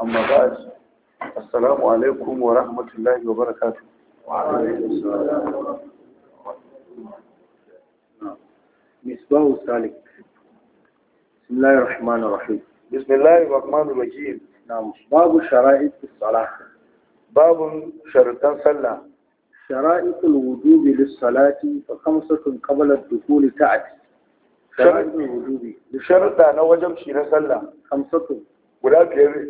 amma ba shi assalamu alaikum wa rahmatullahi wa barakatu misbahu salik bismillahir rahmanir rahim bismillahir rahmanir rahim babu shara'it as-salah babu shartan sallah شرائط الوجوب للصلاة فخمسة قبل الدخول تأتي شرائط الوجوب شرط أنا وجب شيء صلى خمسة ولا بير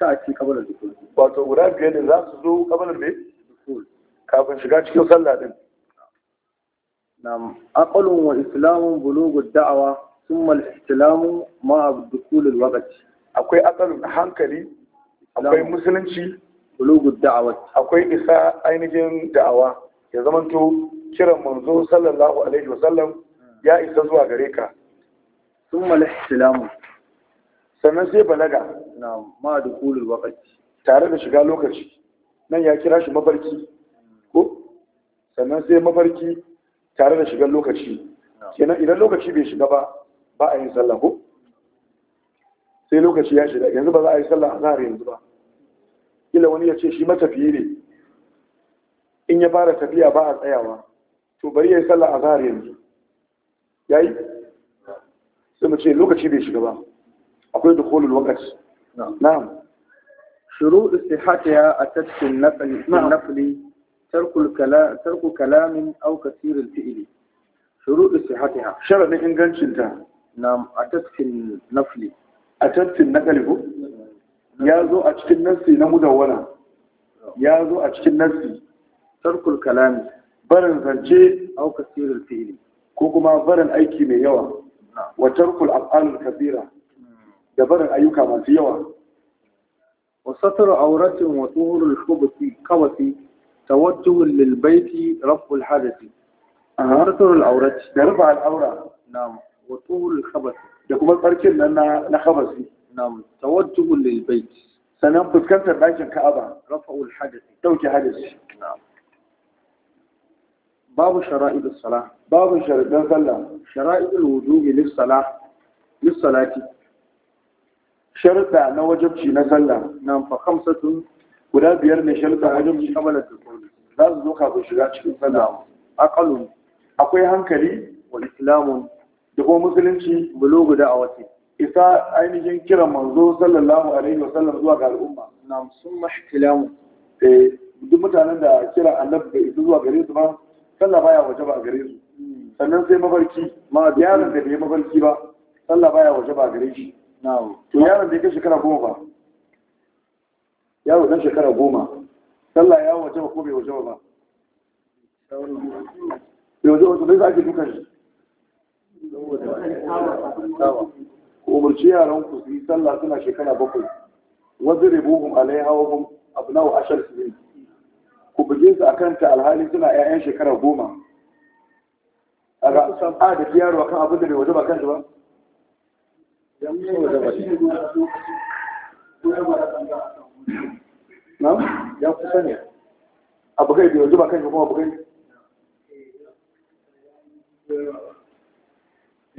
تأتي قبل الدخول واتو ولا بير لا تزو قبل الدخول كافن شجاع شيء صلى نعم أقل وإسلام بلوغ الدعوة ثم الاحتلام مع دخول الوقت أكوي أقل حنكلي أكوي مسلمشي bulugud da'awa akwai isa ainihin da'awa ya zamanto kiran manzo sallallahu alaihi wasallam ya isa zuwa gare ka Sun al-ihtilamu sannan sai balaga na ma da kulul waqti tare da shiga lokaci nan ya kira shi mafarki ko sannan sai mafarki tare da shiga lokaci kenan idan lokaci bai shiga ba ba a yin sallah ko sai lokaci ya shiga yanzu ba za a yi sallah a zahar yanzu ba kila wani ya ce shi matafiye ne in ya fara tafiya ba a tsayawa to bari ya yi sallah a zahar yanzu ya yi sai mu ce lokaci bai shiga ba akwai da kolin lokaci na'am shuru istihatiya a tattin nafli tarku kalamin au kasirin fi'ili shuru istihatiya sharaɗin ingancinta na a tattin nafli a tattin na ko? ya zo a cikin nassi na mudawwana ya zo a cikin nassi tarkul kalami barin zance au kasirul fi'li ko kuma barin aiki mai yawa wa tarkul af'alul kabira da barin ayyuka masu yawa wa satru auratin wa tuhurul khubuthi kawati tawajjuh lil baiti raf'ul hadathi satru al aurati da rufa al aura na'am wa tuhurul khabath da kuma tsarkin nan na khabasi nam tawajjuhu lil bait sannan fuskantar ɗakin ka'aba rafa'ul hadath dauke hadath babu shara'id as-salah babu shara'idan sallah shara'id al-wudu'i lis-salah lis-salati sharuɗa na wajabci na sallah nan fa khamsatun guda biyar ne sharuɗa wajabci kamala da kauli za su zo kafin shiga cikin sallah aqalun akwai hankali wal islamun da Musulunci musulunci guda a awati isa ainihin kiran manzo sallallahu alaihi wasallam zuwa ga al'umma na sun mahtilamu eh, duk mutanen da kira annabi da isa zuwa gare su ba sallah baya waje ba gare su hmm. sannan sai mafarki ma yaron da bai mafarki ba sallah baya waje ba gare shi to yaron da ya shekara goma ba yaro dan shekara goma sallah ya waje ba ko bai waje ba ba yau da to bai za a ke dukan shi umarci yaran ku su yi sallah suna shekara bakwai wanda ribuhum alaiha wa abu abnau ashar sinin ku bugin su akan ta alhali suna 'ya'yan shekara goma san a da yaro akan abin da bai wajaba kan ba ya kusa ne abu kai bai wajaba kan shi kuma abu kai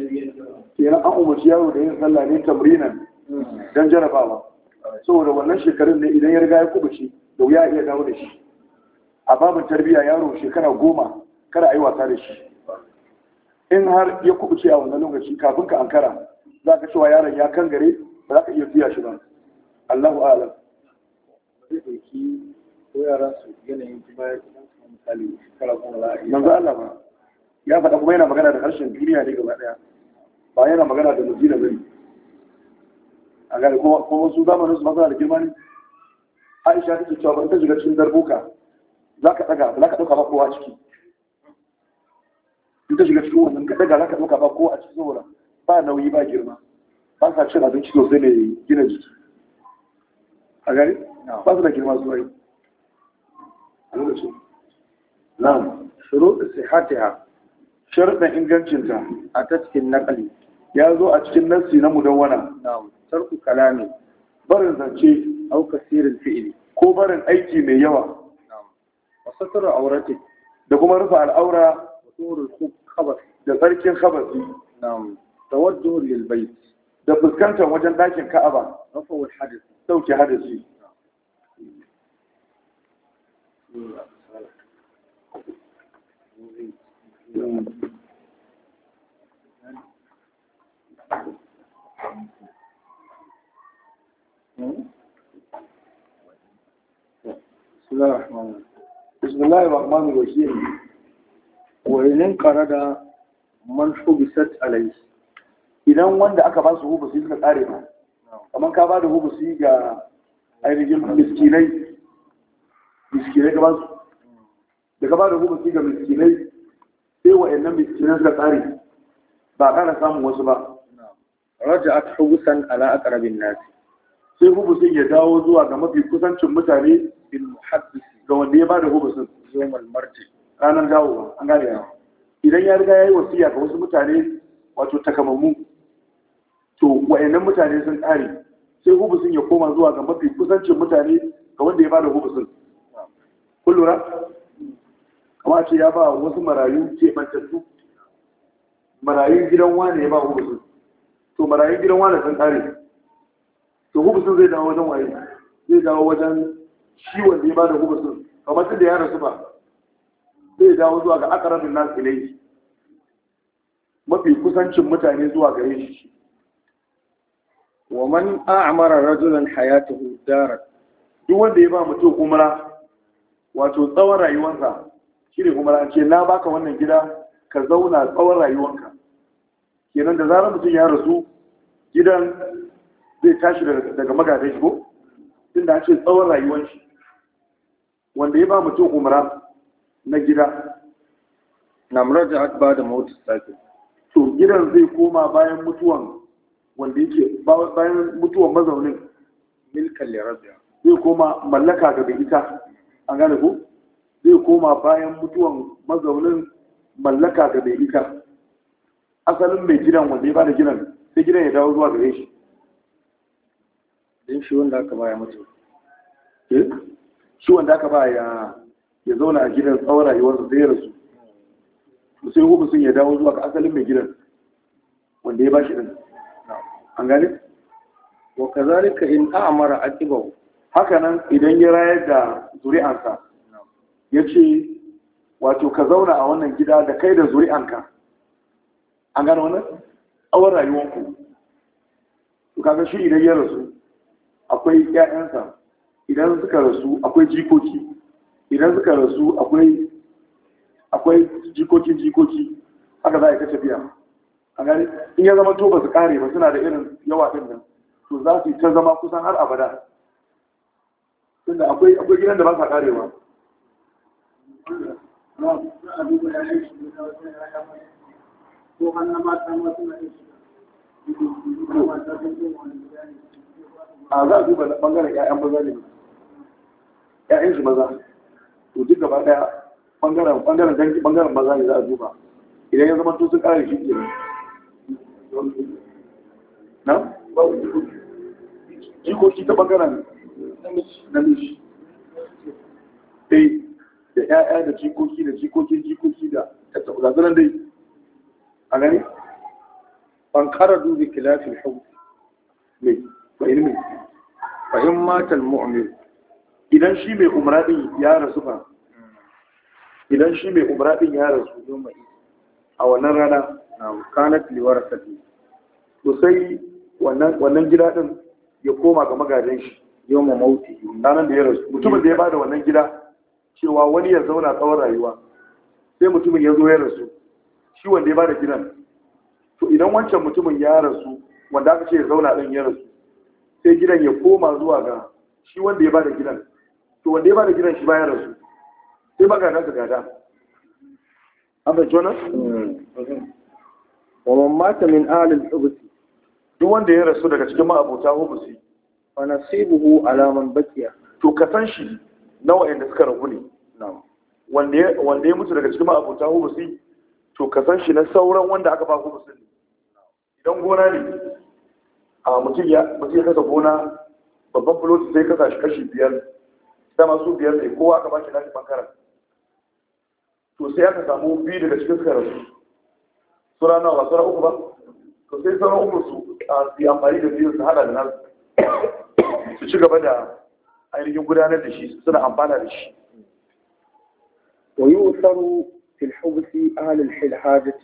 kenan an umarci yaro da yin sallah ne tamrinan don jarabawa saboda wannan shekarun ne idan ya riga ya kubuce da wuya iya dawo da shi a babin tarbiyya yaro shekara goma kada a yi wasa da shi in har ya kubuce a wannan lokaci kafin ka ankara za ka cewa yaron ya kangare ba za ka iya biya shi ba allahu alam Allah ya faɗa kuma yana magana da harshen duniya ne gaba ɗaya ba yana magana da madina bane a gane kuma wasu zamanin nasu masana da girma ne aisha take cewa ba ta shiga cikin darbuka za ka ɗaga za ka ɗauka ba kowa ciki in ta shiga cikin wannan ka daga za ka ɗauka ba kowa a cikin saboda ba nauyi ba girma ba sa cin abinci sosai ne gina jiki a gani, ba su da girma su bai a lokacin na'am shuru da sihatiha sharuɗin ingancinta a ta cikin naƙali ya zo a cikin nassi na mudawwana na'am tarku kalami barin zance au kasirin fi'ili ko barin aiki mai yawa na'am wa satara aurati da kuma rufe al'aura wa tuhurul khabas da tsarkin khabasi na'am tawajjuh lil bai. da fuskantar wajen dakin ka'aba rafa wal hadith dauke hadisi Thank you. بسم الله الرحمن الرحيم وإن انقرض من حبست عليه idan wanda aka ba su hubusi suka tsare ba kamar ka ba da hubusi ga ainihin miskinai miskinai ka ba su da ka ba da hubusi ga miskinai sai wa'annan miskinai suka tsare ba a ƙara samun wasu ba raja'at hubusan ala aqrabin nas sai hubusin ya dawo zuwa ga mafi kusancin mutane bil muhaddis ga wanda ya bada hubusin yawmal marji ranar dawo an gane ya idan ya riga yayi wasiya ga wasu mutane wato takamammu to wayannan mutane sun kare sai hubusin ya koma zuwa ga mafi kusancin mutane ga wanda ya bada hubusin kun lura kamar ce ya ba wasu marayu ce mantattu marayun gidan wane ya ba hubusin to marayun gidan wani sun kare to hukusun zai dawo wajen waye zai dawo wajen shi wanda ya bada hukusun kamar tun da ya rasu ba zai dawo zuwa ga akarabin nan ilai mafi kusancin mutane zuwa gare shi wa man a'mara rajulan hayatuhu dara. duk wanda ya ba mu mutum kumara, wato tsawon rayuwarsa shi ne umra ce na baka wannan gida ka zauna tsawon rayuwarka kenan da zarar mutum ya rasu gidan zai tashi daga magadai shi ko inda ake tsawon rayuwar shi wanda ya ba mutum umra na gida na muraja ba da mawutu sake to gidan zai koma bayan mutuwan wanda yake bayan mutuwan mazaunin milkan lirabiya zai koma mallaka daga ita an gane ko zai koma bayan mutuwan mazaunin mallaka ga mai ita asalin mai gidan wanda ya bada gidan sai gidan ya dawo zuwa gare shi don shi wanda aka baya mutu eh? shi wanda aka baya ya zauna a gidan tsawon rayuwarsa sai ya rasu sai sun ya dawo zuwa ga asalin mai gidan wanda ya bashi din an gane wa kazalika in a'mara aqibahu haka nan idan ya rayar da zuri'ansa yace wato ka zauna a wannan gida da kai da zuri'anka an gane wannan tsawon rayuwanku to kaga shi idan ya rasu akwai ƴaƴansa idan suka rasu akwai jikoki idan suka rasu akwai akwai jikokin jikoki haka za a yi ta tafiya a gani in ya zama to ba su kare ba suna da irin yawa ɗin nan to za su yi ta zama kusan har abada tunda akwai akwai gidan da ba sa karewa a za a duba bangaren 'ya'yan maza ne 'ya'yan shi maza to duk gaba ɗaya bangaren bangaren dangi bangaren maza ne za a duba idan ya zama sun kare shi ke na jikoki ta bangaren namiji dai eh, da 'ya'ya da jikoki da jikokin jikoki da ta zanen dai a gani ban kara dubi kilafin hau mai ilmi fahim matan mu'amil idan shi mai umra ya rasu ba idan shi mai umra ya rasu a wannan rana na kanat liwar sadi to sai wannan gida din ya koma ga magajen shi yau ma mauti ranar da ya rasu mutumin da ya bada wannan gida cewa wani ya zauna tsawon rayuwa sai mutumin ya zo ya rasu shi wanda ya bada gidan to idan wancan mutumin ya rasu wanda aka ce ya zauna ɗin ya rasu sai gidan ya koma zuwa ga shi wanda ya bada gidan to wanda ya bada gidan shi bayan rasu sai magana ka gada an bai jonas mm. wa mata min alil hubusi duk wanda ya rasu daga cikin ma'abota hubusi wa nasibuhu alaman bakiya to ka san shi nawa inda suka rabu ne wanda ya mutu daga cikin ma'abota hubusi to ka san shi na sauran wanda aka bako ku musulmi idan gona ne a mutum ya kasa gona babban fuloti sai kasa shi kashi biyar dama su biyar ne kowa aka ba shi nashi bangaren to sai aka samu biyu daga cikin suka rasu sura nawa ba sura uku ba to sai sauran uku su a su amfani da biyu su hada da nasu su ci gaba da ainihin gudanar da shi suna amfana da shi. ويؤثر fil hubusi ahlul hilhajat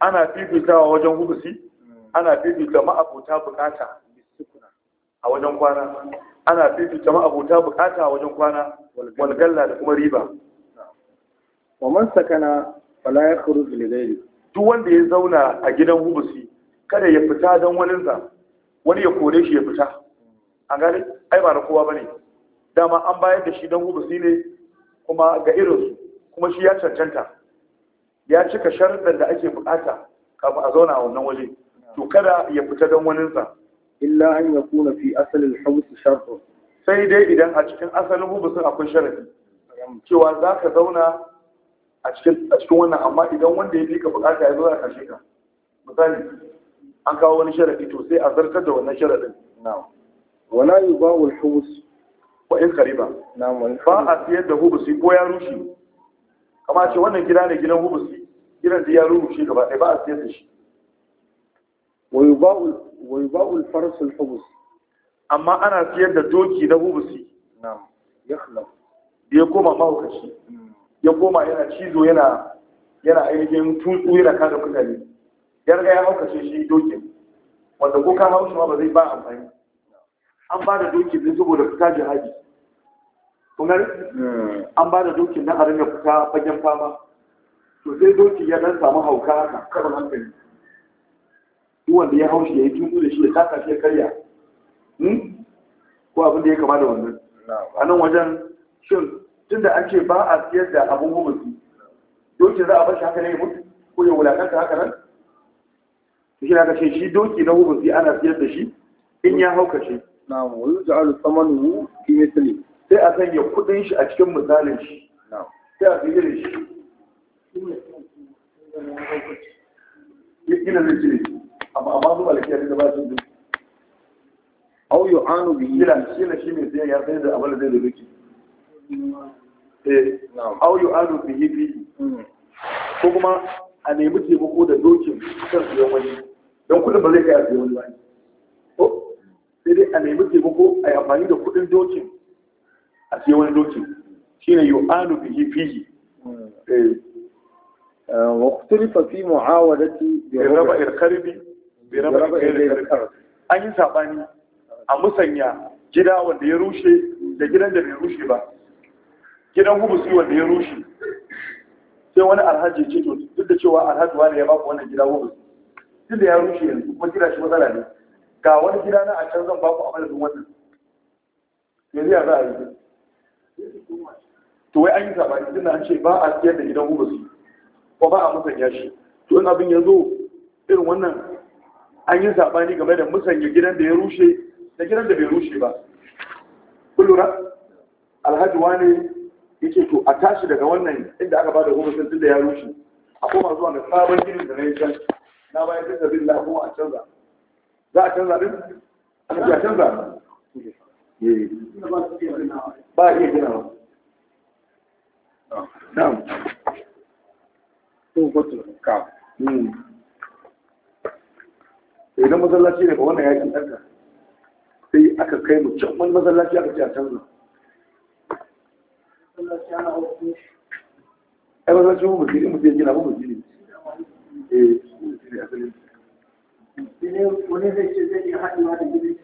ana fifitawa wajen hubusi ana fifita ma'abota bukata a wajen kwana ana fifita ma'abota bukata a wajen kwana walgalla da kuma riba wa man sakana fala ya khuruj li ghairi duk wanda ya zauna a gidan hubusi kada ya fita don wani za wani ya kore shi ya fita an gane ai ba na kowa bane dama an bayar da shi don hubusi ne kuma ga su kuma shi ya cancanta ya cika sharuɗan da ake bukata kafin a zauna a wannan waje to kada ya fita don waninsa illa an ya kuna fi asalin hubus sharɗin sai dai idan a cikin asalin hubusin akwai sharaɗi cewa za ka zauna a cikin wannan amma idan wanda ya fi ka bukata ya zo a kashe ka misali an kawo wani sharaɗi to sai a zartar da wannan sharaɗin wala yi ba wa hubus wa in kariba ba a siyar da hubusi ko ya rushe kama ce wannan gida ne gidan hubusi gidan da ya rubuce gaba ɗaya ba a siyar da shi wa yuba'ul farsul hubus amma ana siyar da doki na hubusi na'am ya da ya koma mahaukaci ya koma yana cizo yana yana ainihin tutsu yana kada mutane yar ga ya haukace shi dokin wanda ko ka haushi ma ba zai ba amfani an ba da dokin ne saboda fita jihadi kuma hmm. an ba da dokin na harin ringa fita fagen fama to sai doki ya dan samu hauka haka karin hankali duk wanda ya haushi ya yi tuntu da shi ya taka shi ya karya hmm? ko abin da ya kama da wannan a nan wajen shin tun da an ce ba a siyar da abin hukunci doki za a bar shi haka ne mutu ko ya wulakanta haka nan shi na kashe shi doki na hukunci ana siyar da shi in ya hauka shi na wani ja'alu tsamanu kimisali sai a sanya kudin shi a cikin misalin shi sai a fiye shi gina zai cire amma amma zuwa alkiyar da ba su ne au yi anu bi gina shi na shi mai sayan ya sayar da abin da zai zai ki eh. au yi anu bi yi bi hmm. ko kuma a nemi taimako da dokin kan siyan wani don kudin ba zai kai a siyan wani ba ne. Ko sai dai a nemi taimako a yi amfani da kudin dokin a siya wani doki shine yu'anu bihi fihi eh. Eh, wa ikhtalafa fi mu'awadati bi raba al-qarbi bi raba al an yi saɓani a musanya gida wanda ya rushe da gidan da bai rushe ba gidan hubusi wanda ya rushe sai wani alhaji ce to duk da cewa alhaji wani ya baku wannan gida hubusi duk da ya rushe yanzu kuma gida shi matsala ne ga wani gida na a can zan baku a madadin wannan yanzu ya za a yi to wai an yi sabani tunda an ce ba a siyar da gidan humusi ko ba a musanya shi to in abin ya zo irin wannan an yi sabani game da musanya gidan da ya rushe da gidan da bai rushe ba kullura alhaji wane yake to a tashi daga wannan inda aka bada sun da ya rushe a koma zuwa da sabon ginin da na yi can na bayan bisa bin lafiya a canza za a canza din? a canza ba iya ginawa na'am hmm. to kwatul ka idan masallaci ne ba wannan yakin ɗanka sai aka kai mu can wani masallaci aka ce a canza ai masallaci mu mutum mu zai gina mu mutum eh. ne eh wani zai ce zai iya haɗewa da gidan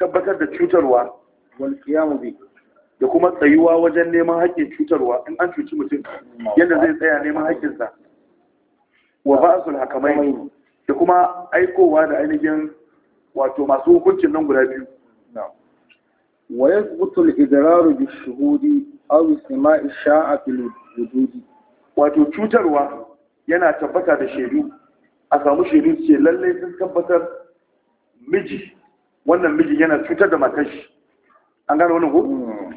tabbatar da cutarwa wal qiyamu bi da kuma tsayuwa wajen neman haƙƙin cutarwa in an cuci mutum yadda zai tsaya neman haƙƙinsa wa ba'sul hakamai da kuma aikowa da ainihin wato masu hukuncin nan guda biyu wa yathbutu al-idraru bi shuhudi aw istima'i sha'a fil wujudi wato cutarwa yana tabbata da shaidu a samu shaidu ce lallai sun tabbatar miji wannan mijin yana cutar da matar shi an gane wani hudu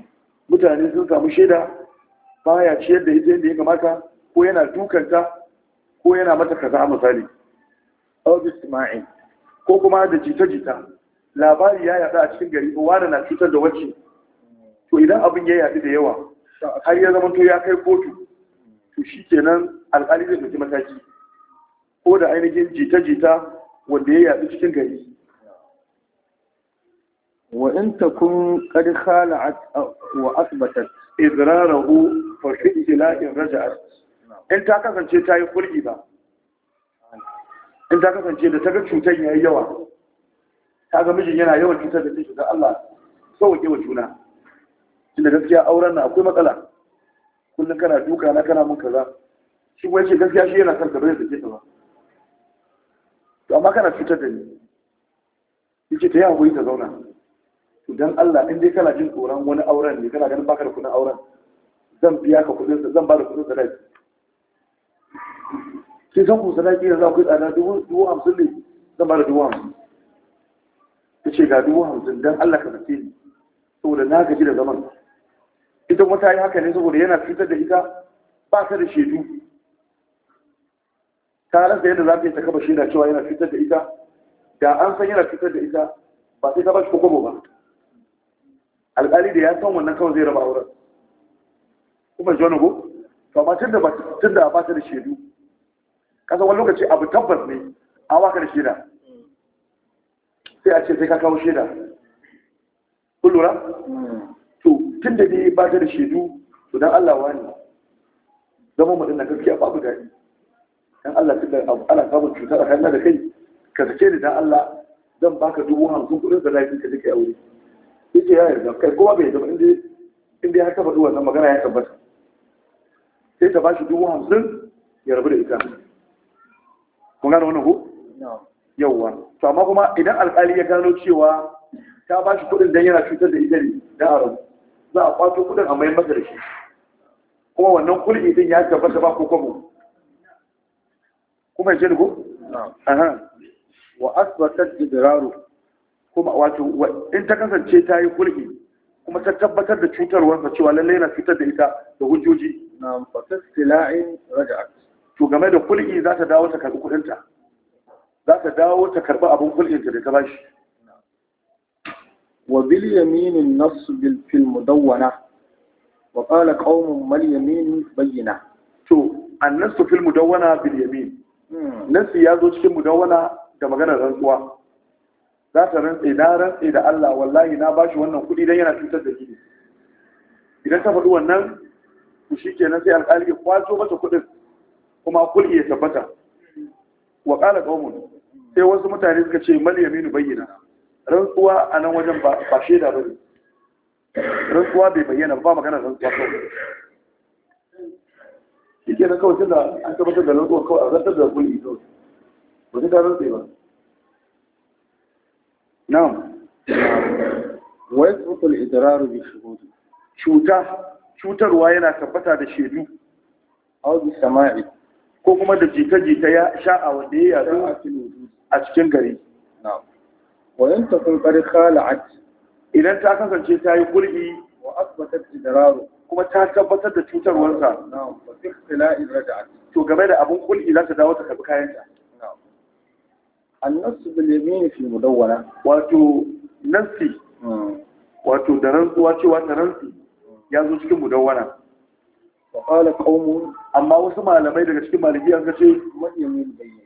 mutane sun samu shaida ya ciyar da ita yadda ya kamata ko yana dukanta ko yana mata kaza a misali august ma'in ko kuma da jita-jita labari ya yada a cikin gari wani na cutar da wacce to idan abin ya yadu da yawa har ya zama to ya kai kotu to shi kenan alkali zai mataki ko da ainihin jita-jita wanda ya yadu cikin gari wa in takun qad khala'at wa asbatat idrarahu fa fi ihtila'in raja'at in ta kasance ta yi ba in ta kasance da ta ga cutar yayi yawa ta ga mijin yana yawan cutar da ta shiga Allah sauke wa juna tunda gaskiya auren na akwai matsala kullum kana duka na kana mun kaza shi kuma yace gaskiya shi yana son ba to amma cutar da ni ta yi ta zauna to dan Allah in dai kana jin tsoron wani auren ne kana ganin baka da kuɗin auren zan biya ka kuɗin sa zan ba da kuɗin sadaki sai san ku sadaki da za ku tsada dubu hamsin ne zan ba da dubu hamsin ta ce ga dubu hamsin dan Allah ka fice ni saboda na gaji da zaman ita wata yi haka ne saboda yana fitar da ita ba ta da shaidu ta rasa yadda za ta yi ta kaba shaida cewa yana fitar da ita da an san yana fitar da ita ba sai ta ba shi kokobo ba alƙali da ya san wannan kawai zai raba auren kuma ji wani go to ba tun da ba ta da shaidu kasa wani lokaci abu tabbas ne a waka da shaida sai a ce sai ka kawo shaida kun lura to tun da dai ba ta da shaidu to dan Allah wa ne zama mu dinna gaskiya babu daɗi dan Allah tun da ana samun cuta na da kai ka sake ni dan Allah zan baka dubu hamsin kuɗin da lafiya ka je aure yace ya yarda kai kowa bai zama inda inda har ta wannan magana ya tabbata sai ta bashi dubu hamsin ya rabu da ita kun gane wannan ko yawwa to amma kuma idan alƙali ya gano cewa ta bashi kuɗin dan yana cutar da ita ne da arabu za a kwato kuɗin a mayan masa da shi kuma wannan kulki din ya tabbata ba ko kwamo, kuma ya ce ko wa asbatat idraru kuma wato in ta kasance ta yi kulki kuma ta tabbatar da cutarwarsa cewa lallai yana fitar da ita da hujjoji na tilain raja'at to game da kulki za ta dawo ta karbi kudinta za ta dawo ta karbi abin kulkinta da ta bashi wa bil yaminin nas bil fil mudawwana wa qala qaumun mal yamin bayyina to annasu fil mudawwana bil yamin hmm. nasi ya zo cikin mudawwana da maganar rantsuwa za ta rantse na rantse da Allah wallahi na bashi wannan kuɗi don yana cutar da gini idan ta faɗi wannan ku shi kenan sai alƙali ya kwato mata kuɗin kuma kulki ya tabbata wa ƙala ƙaumun sai wasu mutane suka ce mal bayyana rantsuwa a nan wajen ba shaida ba ne rantsuwa bai bayyana ba magana rantsuwa kawai shi kenan kawai tunda an tabbatar da rantsuwa kawai a rantsar da kulki kawai ba ta rantse ba na'am wa yasbutu al-idraru bi shuhud cuta cutarwa yana tabbata da shaidu aw bi sama'i ko kuma da jita-jita ya sha sha'a wanda ya yadu a cikin gari na'am wa yantakun qad khala'at idan ta kasance ta yi gurbi wa asbatat idraru kuma ta tabbatar da cutarwarsa na'am wa rada a rada'at to game da abin kulli za ta dawo ta karbi kayanta annasu bil yamin fi mudawwana wato nasi wato da rantsuwa cewa ta rantsi ya zo cikin mudawwana wa qala qaumun amma wasu malamai daga cikin maliki an kace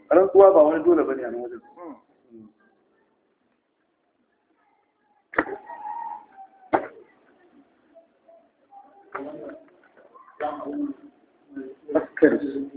rantsuwa ba wani dole bane a wajen Thank you.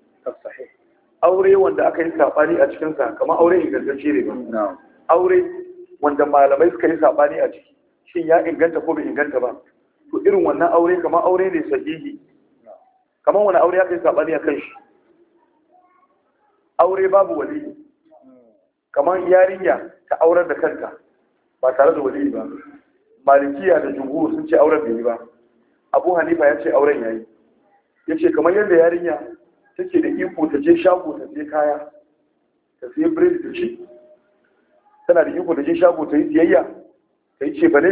tafsahi aure wanda aka yi sabani a cikin sa kamar aure ingantacce ne ba aure wanda malamai suka yi sabani a ciki shin ya inganta ko bai inganta ba to irin wannan aure kamar aure ne sahihi kamar wani aure aka yi sabani a kan shi aure babu wali kamar yarinya ta aurar da kanta ba tare da wali ba malikiya da jumhur sun ce auren bai yi ba abu hanifa ya ce auren yayi ya ce kamar yadda yarinya take da iko ta je shago ta je kaya ta sai biredi ta ci tana da iko ta je shago ta yi siyayya ta yi ce bale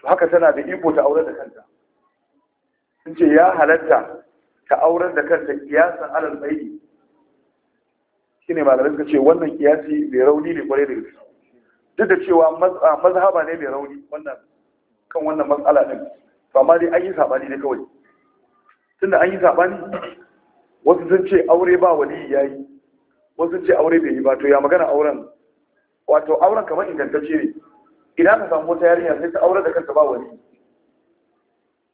to haka tana da iko ta aurar da kanta sun ce ya halatta ta aurar da kanta kiyasan alal bayi shine malamai suka ce wannan kiyasi mai rauni ne kwarai da gaske duk da cewa mazhaba ne mai rauni wannan kan wannan matsala din to amma dai an yi sabani ne kawai tunda an yi sabani wasu sun ce aure ba wali ya yi wasu sun ce aure bai yi ba to ya magana auren wato auren kamar ingantacce ne idan ka samu wata yarinya sai ta aure da kanta ba wali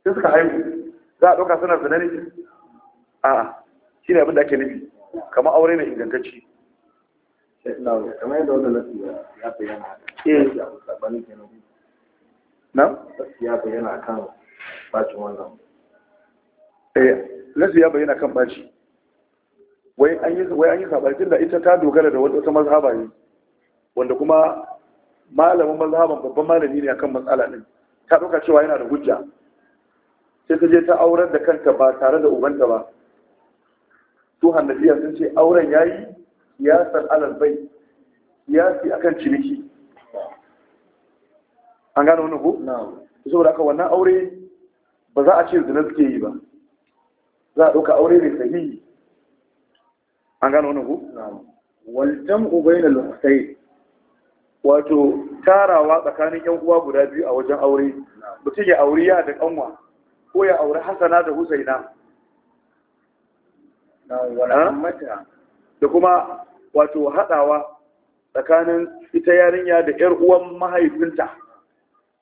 sai suka haihu za a ɗauka suna zina ne a shi ne abin da ake nufi kamar aure ne ingantacce Lasu ya bayyana na? kan bacin eh ya bayyana kan baci wai an yi wai an yi da ita ta dogara da wata mazhaba ne wanda kuma malamin mazhaban babban malami ne akan matsala din ta dauka cewa yana da hujja sai ta je ta aurar da kanta ba tare da ubanta ba to hannabiya sun ce auren yayi siyasar alal bai siyasi akan ciniki an gano wani ku? saboda aka wannan aure ba za a ce zina suke yi ba za a ɗauka aure ne sahihi an gano wani ku? waljan ubayin al-husayn wato tarawa tsakanin yan uwa guda biyu a wajen aure mutum ya auri ya da kanwa ko ya auri hasana da husaina da kuma wato haɗawa tsakanin ita yarinya da 'yar uwan mahaifinta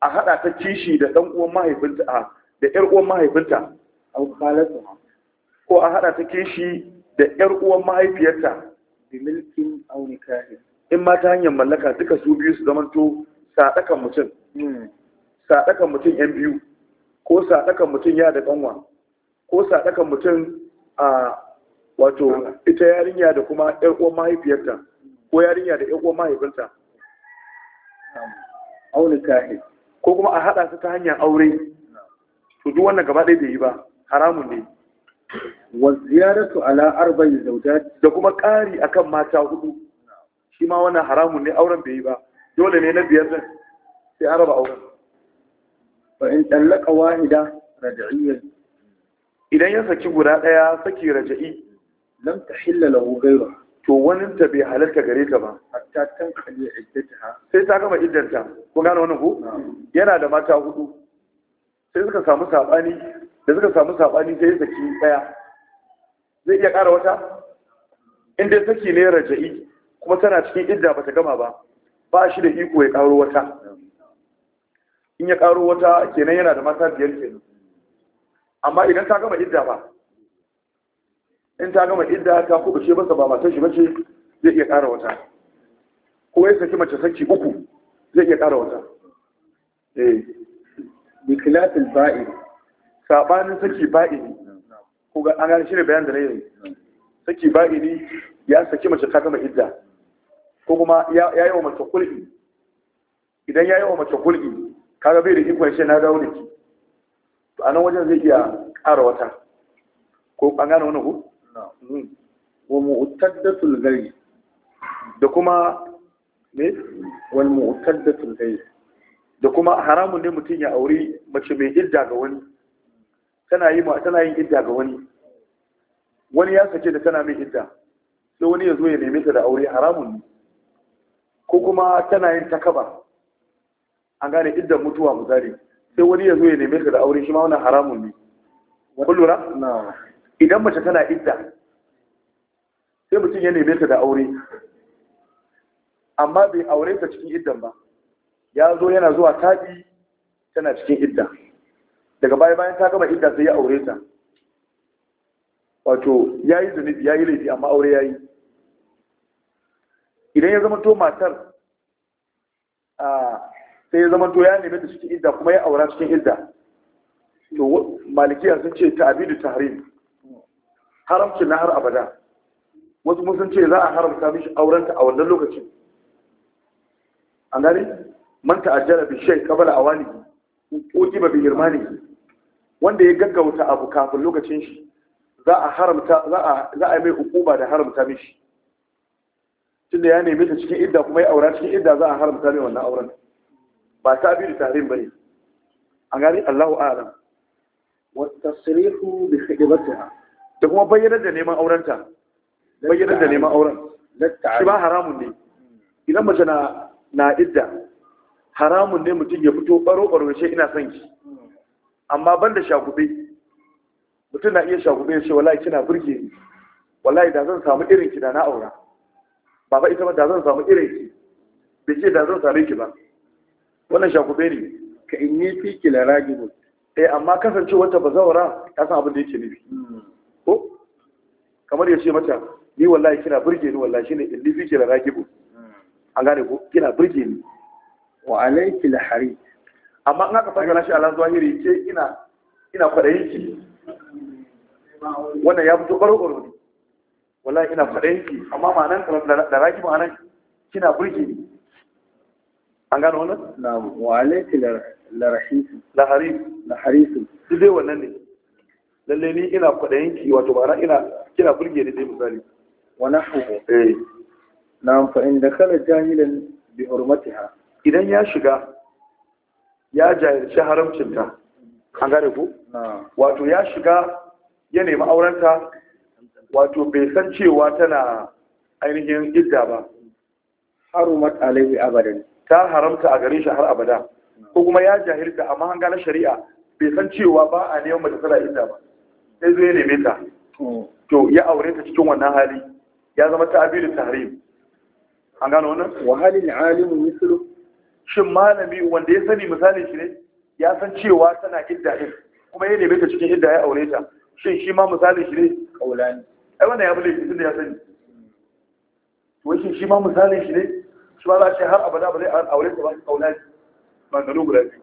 a haɗa ta kishi da ɗan uwan mahaifinta da yar uwan mahaifinta ko a haɗa ta kishi da ƴar uwan mahaifiyarta bi milkin aw in ma ta hanyar mallaka duka su biyu su to sadakan mutum hmm. sadakan mutum yan biyu ko sadakan mutum ya da ɗanwa ko sadakan mutum a wato ita yarinya da kuma ƴar uwan mahaifiyarta ko yarinya da ƴar uwan mahaifinta aw ko kuma a hada su ta hanyar aure to duk wannan gaba ɗaya bai yi ba haramun ne wa ziyaratu ala arba'in zawjat da kuma ƙari akan mata hudu shi ma wannan haramun ne auren bai yi ba dole ne na biyar din sai an raba auren fa in tallaka wahida raj'iyyan idan ya saki guda daya saki raj'i lam tahilla lahu ghayra to wannan ta bai halarta gare ka ba hatta tan kali iddataha sai ta gama iddanta kun gane wannan ko yana da mata hudu sai suka samu sabani da suka samu saɓani sai saki ɗaya zai iya ƙara wata in dai saki ne raja'i kuma tana cikin idda ba ta gama ba ba shi da iko ya ƙaro wata in ya ƙaro wata kenan yana da mata biyar kenan amma idan ta gama idda ba in ta gama idda ta kubuce masa ba matar shi bace zai iya ƙara wata ko ya saki mace saki uku zai iya ƙara wata eh bi khilafil ba'id sabanin saki ba'idi ko ga an gane shi ne bayan da yi saki ba'idi ya saki mace ta gama idda ko kuma ya yi wa mace kulki idan ya yi wa mace kul'i kaga bai da ikon shi na dawo da ki to anan wajen zai iya ƙara wata ko an gane wani ku wa mu'taddatul gari da kuma ne mu mu'taddatul gari da kuma haramun ne mutum ya auri mace mai idda ga wani tana yi tana yin idda ga wani wani ya sace da tana mai idda sai wani ya zo ya neme ta da aure haramun ne ko kuma tana yin takaba an gane iddan mutuwa misali sai wani ya zo ya neme ta da aure shi ma wannan haramun ne kun lura idan mace tana idda sai mutum ya neme ta da aure amma bai aure ta cikin iddan ba ya zo yana zuwa taɗi tana cikin idda daga baya bayan ta gama idda sai ya aure ta wato ya yi zunubi ya yi laifi amma aure ya yi idan ya to matar sai ya to ya nemi da cikin idda kuma ya aura cikin idda to malikiya sun ce ta abidu tahrim haramci na har abada wasu mun sun ce za a haramta mishi aurenta a wannan lokacin an gani man ajjara bi shay qabla awani uqiba bi irmani wanda ya gaggauta abu kafin lokacin shi za a haramta za a mai hukuma da haramta mishi tunda ya nemi ta cikin idda kuma ya aura cikin idda za a haramta mai wannan auren ba ta bi da ba bane A gani Allahu a'lam wa tasrihu bi khidmatiha da kuma bayyana da neman aurenta bayyana da neman auren shi ba haramun ne idan mace na na idda haramun ne mutum ya fito baro baro ya ce ina son ki amma ban da shagube mutum na iya shagube ya ce wallahi kina burge ni wallahi da zan samu irin ki da na aura baba ita ma da zan samu irin ki bai ce da zan same ki ba wannan shagube ne ka in yi fiki la ragibu eh amma kasance wata bazawara ka san abin da yake nufi ko kamar ya ce mata ni wallahi kina burge ni wallahi shine in yi fiki la ragibu an gane ko kina burge ni wa alayki la amma in aka fara shi alan zahiri ce ina ina kwadayin ki wannan ya fito baro baro ne wallahi ina kwadayin ki amma ma'anan da raki ma'anan kina burge ni an gano wannan na'am wa la harif la harif dai wannan ne lalle ni ina kwadayin ki wato ba ina kina burge ni dai misali wa nahu eh na'am fa inda kala jahilan bi hurmatiha idan ya shiga ya jayarci haramcinta an gane ku wato ya shiga ya nemi aurenta wato bai san cewa tana ainihin idda ba harumat alaihi abadan ta haramta a gare shi har abada ko kuma ya jahilta amma an gane shari'a bai san cewa ba a neman mace tana idda ba sai zai neme ta hmm. to ya aure ta cikin wannan hali ya zama ta ta tahrim an gano wannan wa halin alimu mislu shin malami wanda ya sani misalin shi ne ya san cewa tana idda din kuma ya nemi ta cikin idda ya aure ta shin shi ma misalin shi ne kaulani ai wannan ya bude shi tunda ya sani to shin shi ma misalin shi ne shi ba za shi har abada ba zai aure ta ba kaulani ba ga guda biyu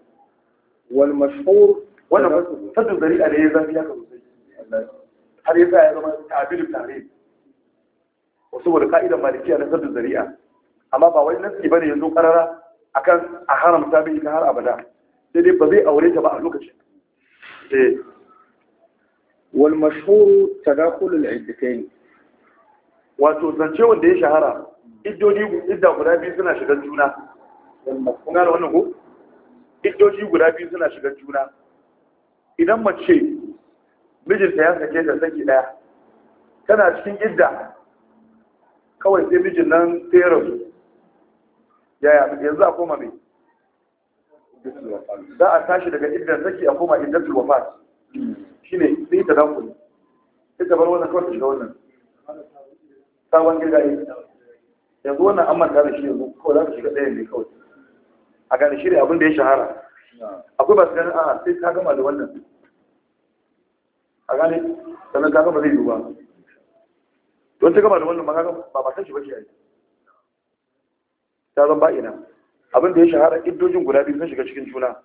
wal mashhur wannan fadin zari'a ne ya zafi haka sosai har yasa ya zama tabirin tare wasu wadda ka'idan malikiya na fadin zari'a amma ba wani nasi bane yanzu karara akan a haramta bin ka har abada sai dai ba zai aure ta ba a lokacin eh wal mashhur tadakhul al iddatayn wato zance wanda ya shahara iddoji idda guda biyu suna shigar juna kun gane wannan ko iddoji guda biyu suna shigar juna idan mace mijinta ya sake ta saki daya tana cikin idda kawai sai mijin nan sai ya rasu yaya yanzu a koma mai za a tashi daga idan saki a koma iddatul shi ne sai ta dakuri sai ta bar wannan kawai shiga wannan sabon girgaye yanzu wannan an manta da shi yanzu kawai za ta shiga ɗayan ne kawai a gane shi ne abin da ya shahara akwai masu ganin a sai ta gama da wannan a gani sannan ta gama zai yiwu ba don ta gama da wannan ba ba ta shi ba yi. ta zan ba'ina abin da ya shahara iddojin guda biyu sun shiga cikin juna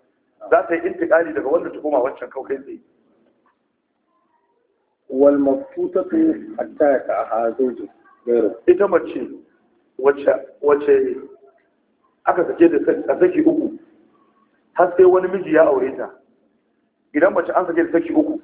za ta yi intikali daga wanda ta koma wancan kawai tsaye wal mafutatu hatta ka aha zauji ita mace wacce aka sake da saki uku har sai wani miji ya aure ta idan mace an sake da saki uku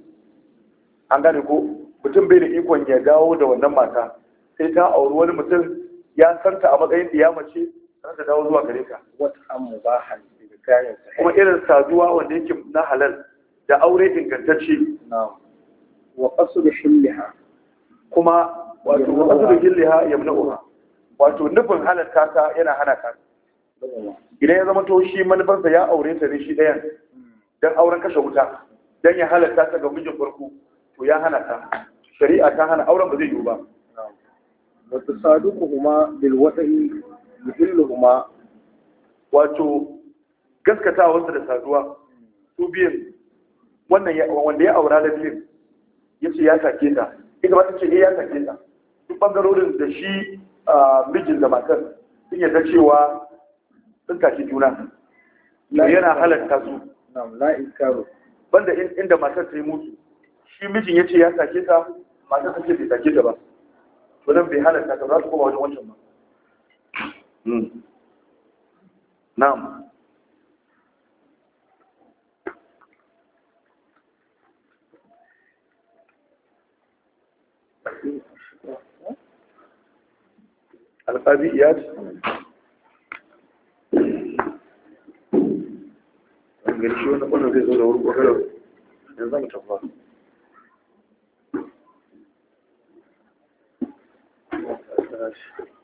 an gane ko mutum bai da ikon ya dawo da wannan mata sai ta auri wani mutum ya santa a matsayin ɗiya mace za ta dawo zuwa gare ka wata amu ba hannu kayan kuma irin saduwa wanda yake na halal da aure ingantacce wa kasu da kuma wato wa kasu da shilliha wato nufin halarta ta yana hana ta idan ya zama to shi manufarsa ya aure ta ne shi ɗayan don auren kashe wuta don ya halarta ta ga mijin farko to ya hana ta shari'a ta hana auren ba zai yiwu ba wata saduku kuma bil yuhilluhuma wato gaskatawa wasu da saduwa su biyan wannan wanda ya aura da biyan ya ce ya sake ta ita wata ce eh, ya sake ta duk bangarorin da shi mijin da matar sun yarda cewa sun tashi juna yana halatta su banda inda matar ta yi musu shi mijin ya ce ya sake ta matar ta ce bai sake ta ba wannan bai halatta ta za su koma wajen wancan ba Hmm. na'am alƙazi iyad ɗangare shi wani ƙwanar zai wurin yanzu zama Thank you.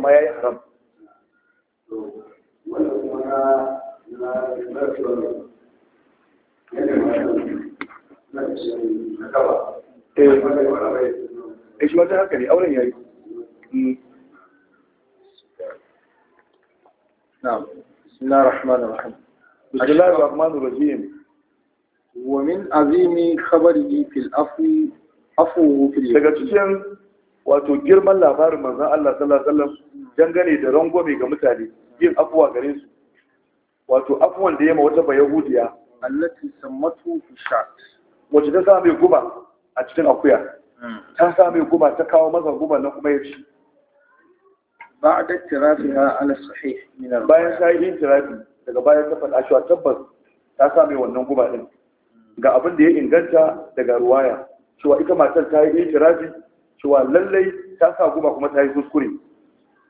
ما يحرم إيه. نعم بسم الله الرحمن الرحيم بسم الله الرحمن الرحيم ومن عظيم خبره في الافو افوه في اليوم تجد تشين واتو جرم الله بار من الله صلى الله عليه وسلم dangane da rangwame ga mutane yin afuwa gare su wato afuwan da ma wata bayahudiya allati sammatu fi shat wace ta same guba a cikin akuya hmm. ta same guba ta kawo masa guba na kuma yaci ba'da tirafiha ala sahih min al bayan shayin tirafi daga bayan ta fada shi tabbas ta same wannan guba din ga abin da ya inganta daga ruwaya cewa ita matar ta yi tirafi cewa lallai ta sa guba kuma ta yi kuskure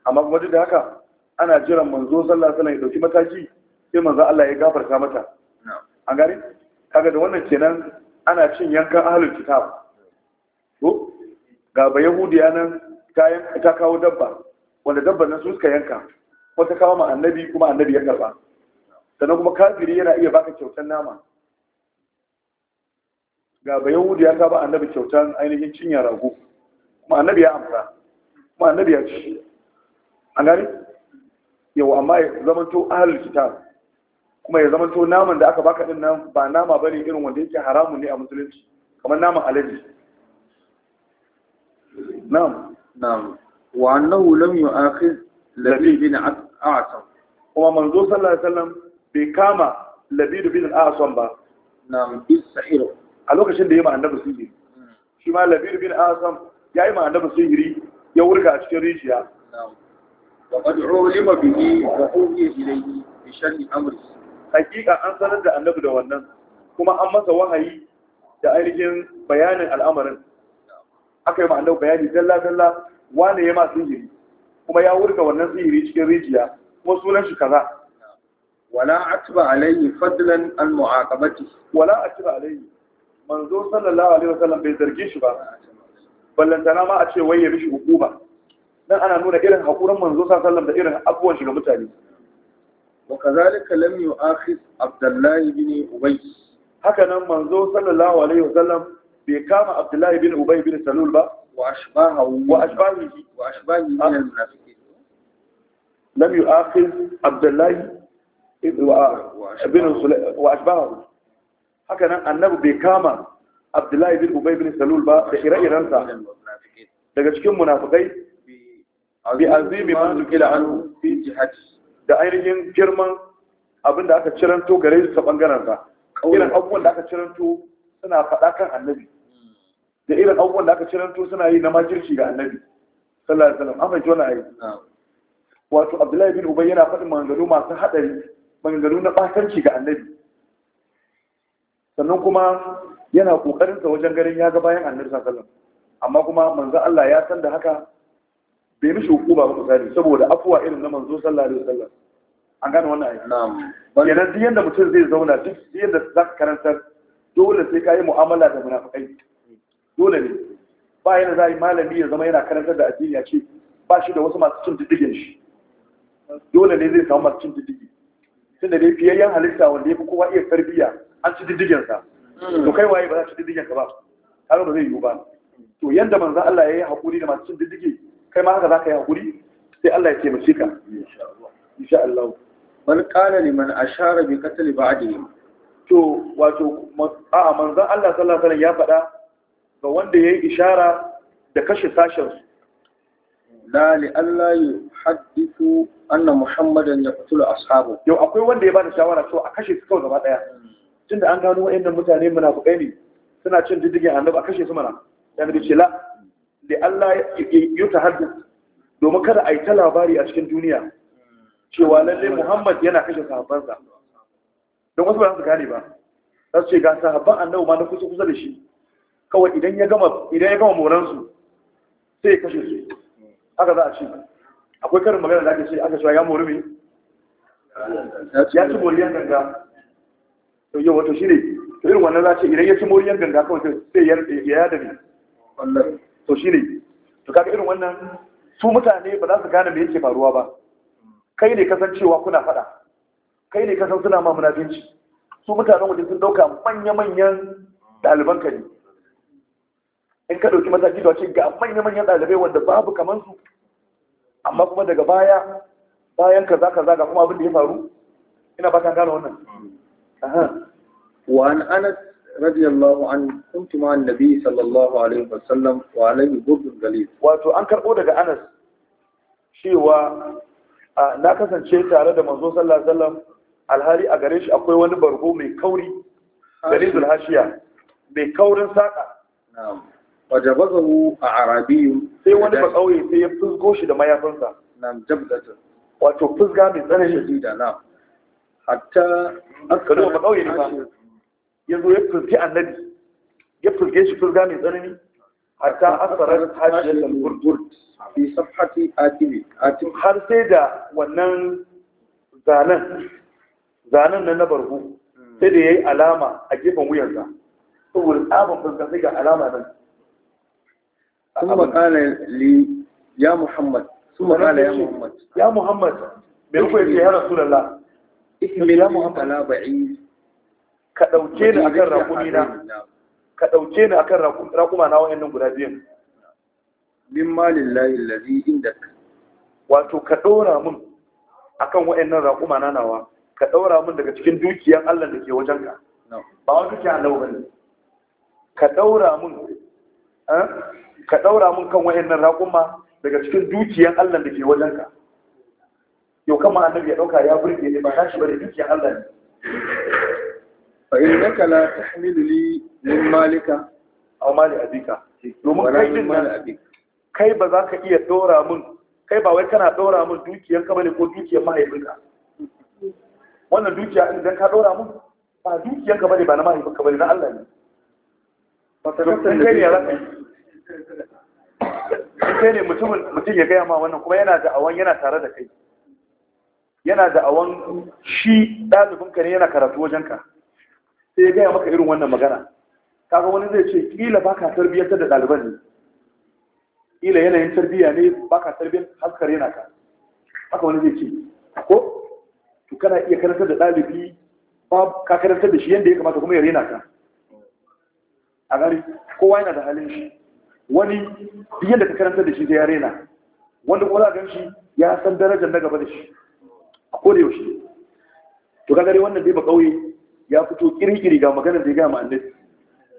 amma kuma duk da haka ana jiran manzo sallallahu alaihi wasallam ya dauki mataki sai manzo Allah ya gafarta mata an gari kaga da wannan kenan ana cin yankan ahlul kitab to ga ba yahudiya nan kayan ta kawo dabba wanda dabba nan su suka yanka ko ta kawo ma annabi kuma annabi ya karba sannan kuma kafiri yana iya baka kyautan nama ga ba yahudiya ta ba annabi kyautan ainihin cinya rago kuma annabi ya amsa kuma annabi ya ci an gane yau amma ya zamanto ahalul kitab kuma ya zamanto naman da aka baka din nan ba nama ba ne irin wanda yake haramun ne a musulunci kamar naman alaji nam nam wa annahu lam yu'akhiz labid bin a'sam kuma manzo sallallahu alaihi wasallam bai kama labid bin a'sam ba nam bis a lokacin da yayi ma annabi sihiri hmm. shi ma labid bin a'sam yayi ma annabi sihiri ya wurga a cikin rijiya وقد علم به وأوهي إليه بشأن أمره حقيقة أن sanar da annabi da wannan kuma an masa wahayi da ainihin bayanin al'amarin aka yi ma'anar bayani dalla-dalla wane ya ma sihiri kuma ya wurga wannan sihiri cikin rijiya kuma sunan shi kaza wala atba alayhi fadlan an mu'aqabati wala atba alayhi manzo sallallahu alaihi wasallam bai zarge shi ba ballantana ma a ce wai ya bishi hukuma dan ana nuna irin hakurin manzo sa sallam da irin abubuwan shi ga mutane wa kazalika lam yu'akhid abdullah ibn ubay haka nan manzo sallallahu alaihi wasallam bai kama abdullah ibn ubay ibn salul ba wa ashbahu wa ashbahi wa ashbahi min al-munafiqin lam yu'akhid abdullah ibn wa ashbahu haka nan annabi bai kama abdullah ibn ubay ibn salul ba da ire-irensa daga cikin munafikai bi azimi ma nukila anhu fi jihad da ainihin girman abin da aka ciranto gare su ta bangaren sa irin abubuwan da aka ciranto suna faɗa kan annabi da irin abubuwan da aka ciranto suna yi na majirci ga annabi sallallahu alaihi wasallam amma jona ai wato abdullahi bin ubay yana faɗin maganganu masu haɗari maganganu na ɓatanci ga annabi sannan kuma yana ƙoƙarinsa wajen garin ya ga bayan annabi sallallahu alaihi wasallam amma kuma manzo Allah ya san da haka bai mishi hukuma ba misali saboda afuwa irin na manzo sallallahu alaihi wasallam an gane wannan ayi na'am kenan duk yanda mutum zai zauna duk yanda za ka karantar dole sai ka yi mu'amala da munafikai dole ne ba yana zai malami ya zama yana karantar da addini ya ce ba shi da wasu masu cin diddigin shi dole ne zai samu masu cin diddigi da dai fiyayyen halitta wanda ya fi kowa iya tarbiyya an ci diddigin sa hmm. to kai waye ba za ci diddigin ka ba har ba zai yiwu ba to yanda manzo Allah ya yi hakuri da masu cin diddigi kai ma haka za ka yi haƙuri sai Allah ya ce taimake ka insha Allah man qala liman ashara bi qatl ba'dihi to wato a manzon Allah sallallahu alaihi ya faɗa ga wanda yayi ishara da kashe sashen su la li Allah yuhaddithu anna muhammadan yaqtulu ashabu yau akwai wanda ya bada shawara to a kashe su kawai gaba daya tunda an gano wayannan mutane munafikai ne suna cin diddigin annabi a kashe su mana ya ce la da Allah ya tahaddas domin kada a yi ta labari a cikin duniya cewa lalle Muhammad yana kashe sahabbansa don wasu ba su gane ba za su ce ga sahabban annabi ma na kusa kusa da shi kawai idan ya gama idan ya gama moran su sai ya kashe su haka za a ce akwai karin magana da ake ce aka cewa ya mori me ya ci moriyan ganga to yau wato shine irin wannan za ce idan ya ci moriyan ganga kawai sai ya yada ne to shi ne to kaga irin wannan su mutane ba za su gane me yake faruwa ba kai ne kasancewa kuna faɗa kai ne kasan suna ma munafinci su mutanen waje sun ɗauka manya-manyan ɗaliban ka ne in ka ɗauki mataki da wace ga manya-manyan ɗalibai wanda babu kamar su amma kuma daga baya bayan ka za ka zaga kuma abin da ya faru ina ba ka gane wannan وعن anas رضي الله عنه كنت مع النبي صلى الله عليه وسلم وعليه برد غليظ wato an karbo daga Anas cewa na kasance tare da manzo sallallahu alaihi alhali a gare shi akwai wani bargo mai kauri galizul hashiya mai kaurin saka na'am wajabazahu a arabiyu sai wani ba kauye sai ya fusgo shi da mayafinsa wato fusga mai ya zo ya furgi annabi ya furge shi furga mai tsanani hatta asarar hajjiyar burgur fi safhati atimi har sai da wannan zanen zanen nan na bargo sai da ya yi alama a gefen wuyansa saboda tsabon furga sai ga alama nan ثم قال ya Muhammad. محمد ثم قال يا محمد يا محمد بيقول يا رسول الله اسمي يا محمد لا بعيد ka ɗauke ni a kan na ka ɗauke ni raƙuma na wa'annan guda biyan min malin layin lazi inda wato ka ɗora kan akan wa'annan raƙuma na nawa ka ɗora min daga cikin dukiyar Allah da ke wajen ka. ba wani dukiya Allah wani ne ka ɗora min eh? ka ɗora min kan wa'annan raƙuma daga cikin dukiyar Allah da ke wajen ka. yau kama annabi ya ɗauka ya burge ne ba tashi bane dukiyar Allah ne fa لا تحمل لي من مالك malika مال أبيك domin kai nan kai ba za ka iya dora mun kai ba wai kana dora mun dukiyar ka bane ko dukiyar mahaifinka wannan dukiya idan ka dora mun ba dukiyar ka bane ba na mahaifinka bane na Allah ne ba ta kai ne ya raka kai ne mutum ya gaya ma wannan kuma yana da awon yana tare da kai yana da awon shi ɗalibinka ne yana karatu wajenka sai ya gaya maka irin wannan magana kaga wani zai ce kila baka tarbiyyantar da ɗaliban ne kila yanayin tarbiyya ne baka tarbiyyar haskar yana ka haka wani zai ce ko to kana iya karantar da ɗalibi ba ka karantar da shi yadda ya kamata kuma ya rena ka a gari kowa yana da halin shi wani duk yadda ka karantar da shi zai ya rena wanda kuma za a shi ya san darajar na gaba da shi a kodayaushe yaushe to ka wannan zai ba ƙauye ya fito kirkiri ga maganar da ya gama annabi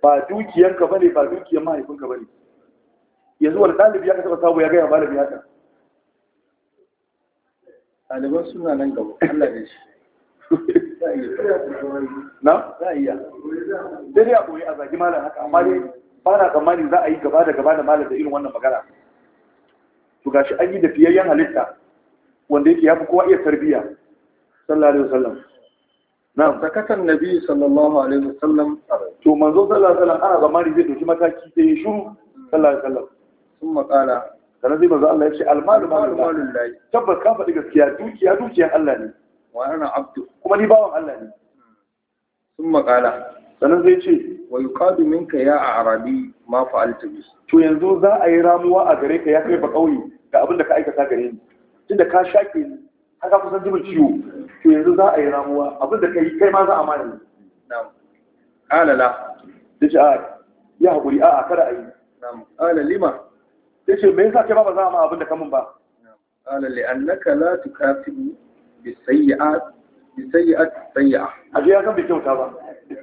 ba dukiyanka bane ba dukiyan mahaifinka bane yanzu wani ɗalibi ya kasa sabo ya gaya malami haka ɗaliban suna nan gaba Allah ne shi na? za a iya Da dai a koyi a zagi malam haka amma dai ba na tsammani za a yi gaba da gaba da malam da irin wannan magana Su gashi an yi da fiyayyen halitta wanda yake ya fi kowa iya tarbiyya sallallahu alaihi wasallam na'am sakatan nabi sallallahu alaihi wasallam to manzo sallallahu alaihi wasallam ana zamani zai doki mataki sai ya shiru sallallahu alaihi wasallam sun makala kana zai manzo Allah ya ce almalu malul lahi tabbas ka faɗi gaskiya dukiya dukiya Allah ne wa ana abdu kuma ni bawan Allah ne sun makala sannan zai ce wa yuqadu minka ya arabi ma fa'alta bi to yanzu za a yi ramuwa a gare ka ya kai ba kauye ga abin da ka aikata gare ni tunda ka shake ni haka kusan jibin ciwo to yanzu za a yi ramuwa abinda ka yi kai ma za a ma yanzu alala ya ce a ya haƙuri a a kada a yi Alalima. lima ya ce me yasa kai ba ba za a ma abinda kamun ba ala li annaka la tukasibu bi sayyi'at bi sayyi'at A a ya san bi kyauta ba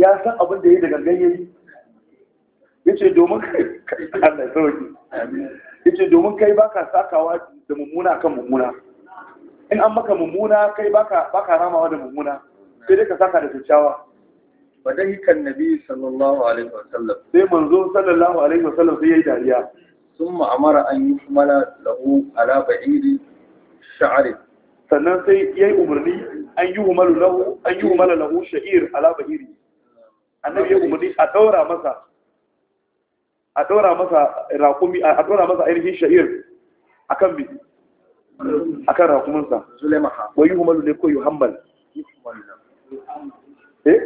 ya san abin da ya da gangan ya ce domin kai Allah ya sauke ce domin kai baka sakawa da mummuna kan mummuna in an maka mummuna kai baka rama wa da mummuna sai dai ka saka da kyakkyawa Ba dai kan nabi sallallahu alaihi wa sallam sai manzo sallallahu alaihi wa sallam sai yayi dariya Sun amara an yi yusmala lahu ala ba'iri sha'ri sannan sai yayi umarni an yuhmalu lahu an yuhmala lahu sha'ir ala ba'iri annabi ya umarni a daura masa a daura masa raƙumi a daura masa ainihin sha'ir akan bi akan rakumansa sulaimaha wa yuhmalu ne ko yuhammal eh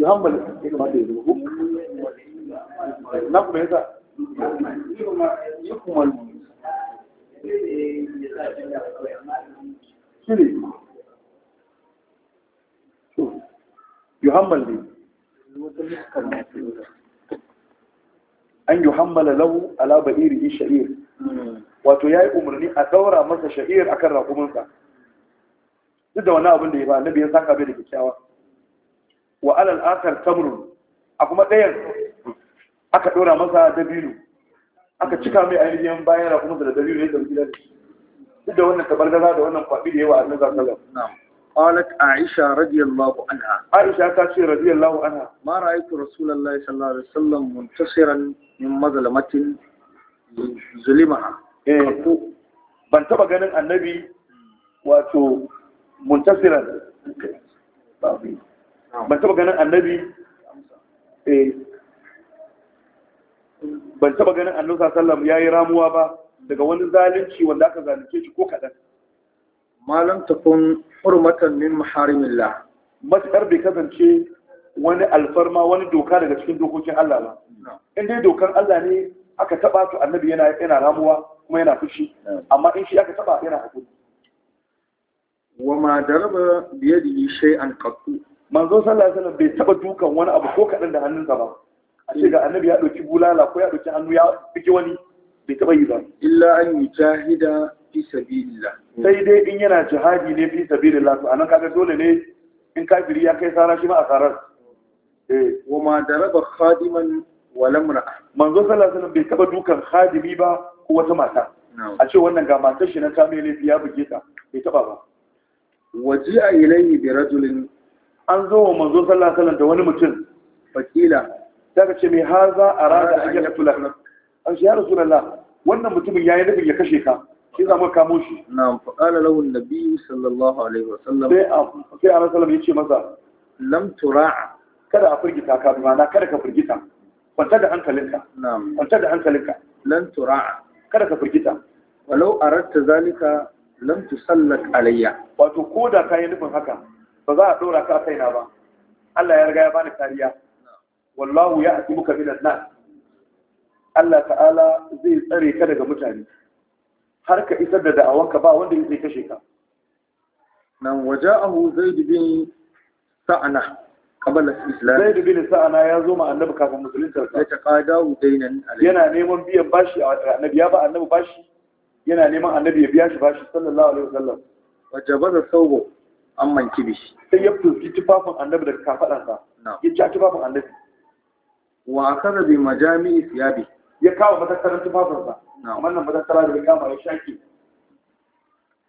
yuhammal ne ba da yuhu na kuma yasa yi yuhammal shiri yuhammal ne an yi hammala lahu ala ba'iri sha'ir wato ya yi umarni a ɗaura masa sha'ir a kan raƙuminsa duk da wani abin da ya ba na ya saka bai da kyakkyawa wa alal akar tamrun a kuma ɗayan aka ɗora masa dabino aka cika mai ainihin bayan raƙuminsa da dabino ya zama gidan duk da wannan tabargaza da wannan kwaɓi da yawa a nan zakallar قالت عائشة رضي الله عنها عائشة تاسي رضي الله عنها ما رأيت رسول الله صلى الله عليه وسلم منتصرا من مظلمة ظلمها ban taba ganin annabi wato muntasiran ban taba ganin annabi ban taba ganin annabi sallallahu alaihi wasallam yayi ramuwa ba daga wani zalunci wanda aka zalunce shi ko kadan malam takun hurmatan min maharimillah matakar bai kasance wani alfarma wani doka daga cikin dokokin Allah ba in dai dokan Allah ne aka taba su annabi yana yana ramuwa kuma yana fushi amma in shi aka taba yana hakuri wa ma daraba bi yadihi shay'an qattu manzo sallallahu alaihi wasallam bai taba dukan wani abu ko kadan da hannunsa ba a ce ga annabi ya dauki bulala ko ya dauki hannu ya fike wani bai taba yi ba illa an yujahida fi sabilillah sai dai in yana jihadi ne fi sabilillah to anan kaga dole ne in kafiri ya kai sara shi ma a sarar eh wa ma daraba khadiman wala mar'a manzo sallallahu alaihi wasallam bai taba dukan khadimi ba ko wata mata a ce wannan ga matar shi na kame mai laifi ya buge ta bai taba ba waji'a ilayhi bi rajulin an zo wa manzo sallallahu alaihi wasallam da wani mutum fakila daga ce mai haza arada an yi katula an shi ya rasulullah wannan mutumin ya yi nufin ya kashe ka shi zama kamo shi na'am fa qala lahu an sallallahu alaihi wasallam sai sai annabi sallallahu yace masa lam tura'a kada a firgita ka bi ma'ana kada ka firgita kwanta da hankalinka na'am kwanta da hankalinka lan tura'a kada ka firgita walau aratta zalika lam tusallak alayya wato ko da kai nufin haka ba za a dora ka kaina ba Allah ya riga ya bani kariya wallahu ya'tibuka minan nas Allah ta'ala zai tsare ka daga mutane har ka isar da da'awanka ba wanda ya zai kashe ka nan waje waja'ahu zai bin sa'ana qabl al-islam dubi bin sa'ana ya zo ma annabi kafin musulunta ya taqadahu dainan yana neman biyan bashi a annabi ya ba annabi bashi yana neman annabi ya biya shi bashi sallallahu alaihi wasallam da sauro an manki bishi sai ya fuski tufafin annabi da kafaɗansa ya ci tufafin annabi wa akara bi majami'i siyabi ya kawo matattaran tufafarsa. wannan matattara da ya kama ya shaƙi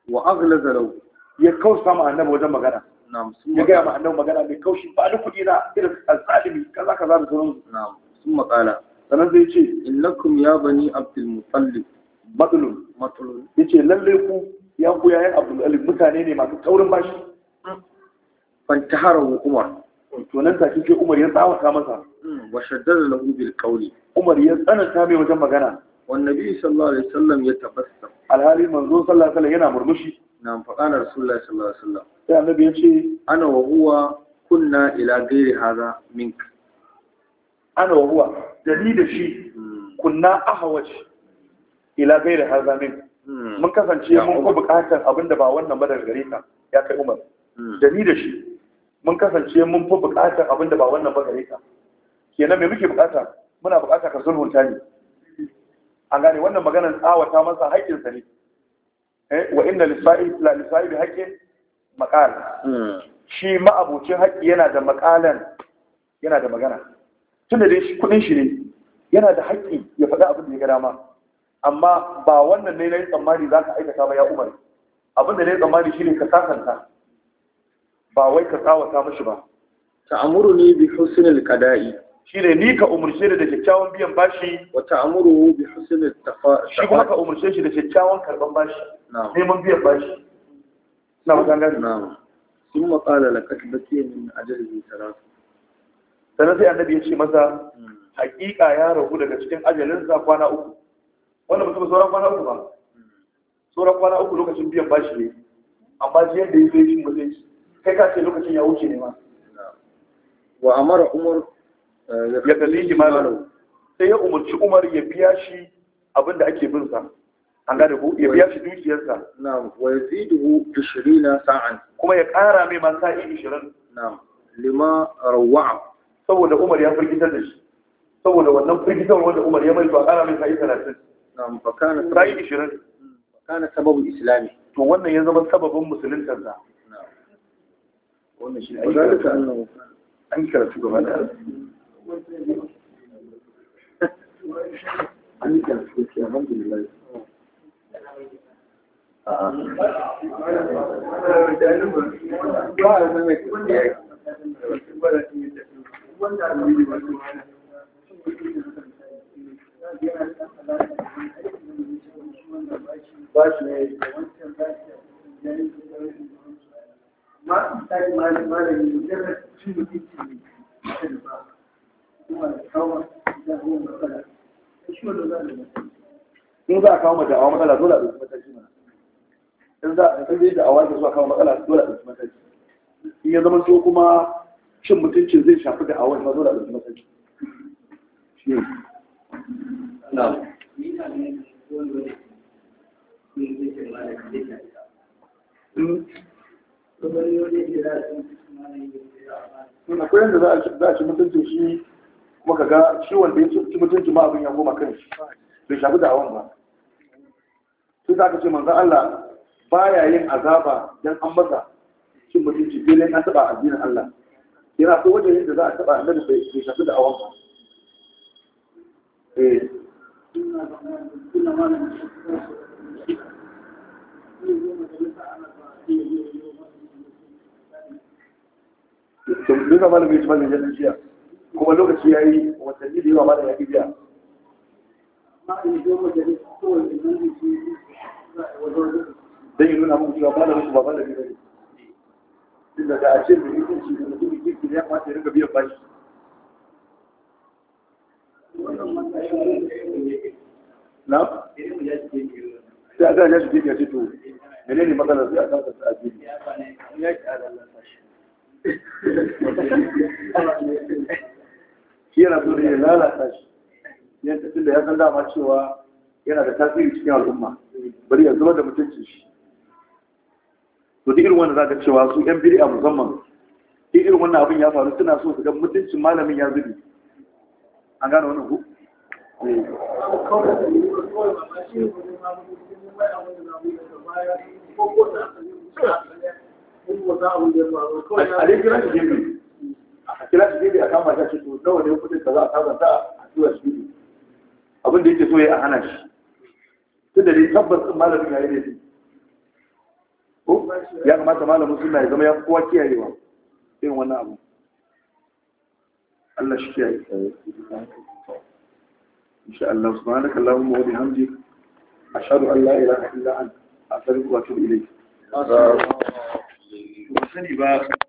wa aglaza zarau ya kausa ma annabi wajen magana ya gaya ma annabi magana mai kaushi ba da kudi na irin alzalimi kaza kaza da sauran na'am sun maƙala sannan zai ce innakum ya bani abdul mutallib matulun Ya yace lalle ku ya ku yayin abdul mutane ne masu taurin bashi fantahara umar tunan ta cikin Umar ya tsawata masa hmm, wa shaddada lahu bil qawli Umar ya tsananta mai wajen magana wan nabi sallallahu alaihi wasallam ya tabbata? alhali manzo sallallahu alaihi wasallam yana murmushi na faqala rasulullahi sallallahu alaihi wasallam sai annabi ya ce ana wa huwa kunna ila ghairi hadha mink ana wa huwa da ni da shi hmm. kunna ahwaj ila ghairi hadha mink hmm. mun kasance mun ko bukatar abinda ba wannan ba daga gare ka ya kai Umar da ni da shi mun kasance mun fi bukatar abin da ba wannan ba gare ka kenan me muke bukata muna bukata ka sulhunta ne an gane wannan maganar tsawata masa haƙƙinsa ne eh, wa inna lisa'i bi haƙƙin maqal hmm. shi ma'abocin haƙƙi yana da maqalan yana da magana tunda dai shi kuɗin shi ne yana da haƙƙi ya faɗi abin da ya ga dama amma ba wannan ne na yi tsammani za ka aikata ba ya umar abin da na yi tsammani shi ne ka sasanta ba wai ka tsawata mashi ba amuru ne bi husnil Shi shine ni ka umurce da kyakkyawan biyan bashi wa ta'amuru bi husnil tafa shi kuma ka umurce shi da kyakkyawan karban bashi neman biyan bashi na gangan na sun maƙala laƙad ke min ajalihi taratu. sannan sai annabi ya ce masa hmm. hakika ya ragu daga cikin ajalinsa kwana uku wannan mutum sauran kwana uku ba hmm. sauran kwana uku lokacin biyan bashi ne amma shi yadda ya zai shi ba zai kai ka ce lokacin ya wuce ne ma wa amara umar eh, ya sai ya umarci umar ya biya shi abin da ake bin sa an gane ko ya biya shi dukiyarsa na'am wa yazidu 20 sa'an kuma ya ƙara mai man sa'i 20 na'am lima rawa'a saboda umar ya firgitar da shi saboda wannan firgitar wanda umar ya mai to a ƙara mai sa'i 30 na'am fa kana sa'i 20 kana sababin islami to wannan ya zama sababin musulunta wannan shi wadalika annahu an karatu gaba da an karatu ke alhamdulillah ma su tsari malami malami mujarrar cin mutunci ne da ba kuma da kawo da kawo matsala shi wanda za a in za a kawo mata awa matsala dole a ɗauki mataki mana in za a ɗauki da awa da zuwa kawo matsala dole a ɗauki mataki in ya zama so kuma cin mutuncin zai shafi da awa dole a ɗauki mataki shi ne na akwai yadda za a ci mutuncin shi kuma ka ga shi wanda ya ci mutuncin ma abin ya goma kan shi bai shafi da awon ba sai za ka ce manzan Allah baya yin azaba don an masa cin mutunci filin an taɓa addinin Allah yana so wajen yadda za a taɓa annabi bai shafi da awon ba eh duka malamin ya ci da jirgin kuma lokaci ya yi watanni da yawa malamin ya ki biya don yi nuna mun cewa malamin su ba malamin ba ne tunda da a ce mai mutunci da mutum kirki ne ya kamata ya rika biyan bashi na? sai a gane ya shi gefe ya ce to menene matsalar sai a kan sa a yana so da ya lalata shi yan tafi da ya san dama cewa yana da tasiri cikin al'umma bari ya zama da mutuncin shi to duk irin wanda za ka cewa su yan biri a musamman duk irin wannan abin ya faru suna so su ga mutuncin malamin ya zubi an gane wannan ku Thank eh. a a kira a kama za a tazanta a abin da yake so ya a hana shi tun da dai tabbas ɗin malamin ya yi laifi ya kamata malamin suna ya zama ya kowa kiyayewa irin wannan abu Allah shi kiyaye insha Allah subhanaka Allahumma wa bihamdik ashhadu Allah, la ilaha illa anta astaghfiruka wa atubu ilayk sani ba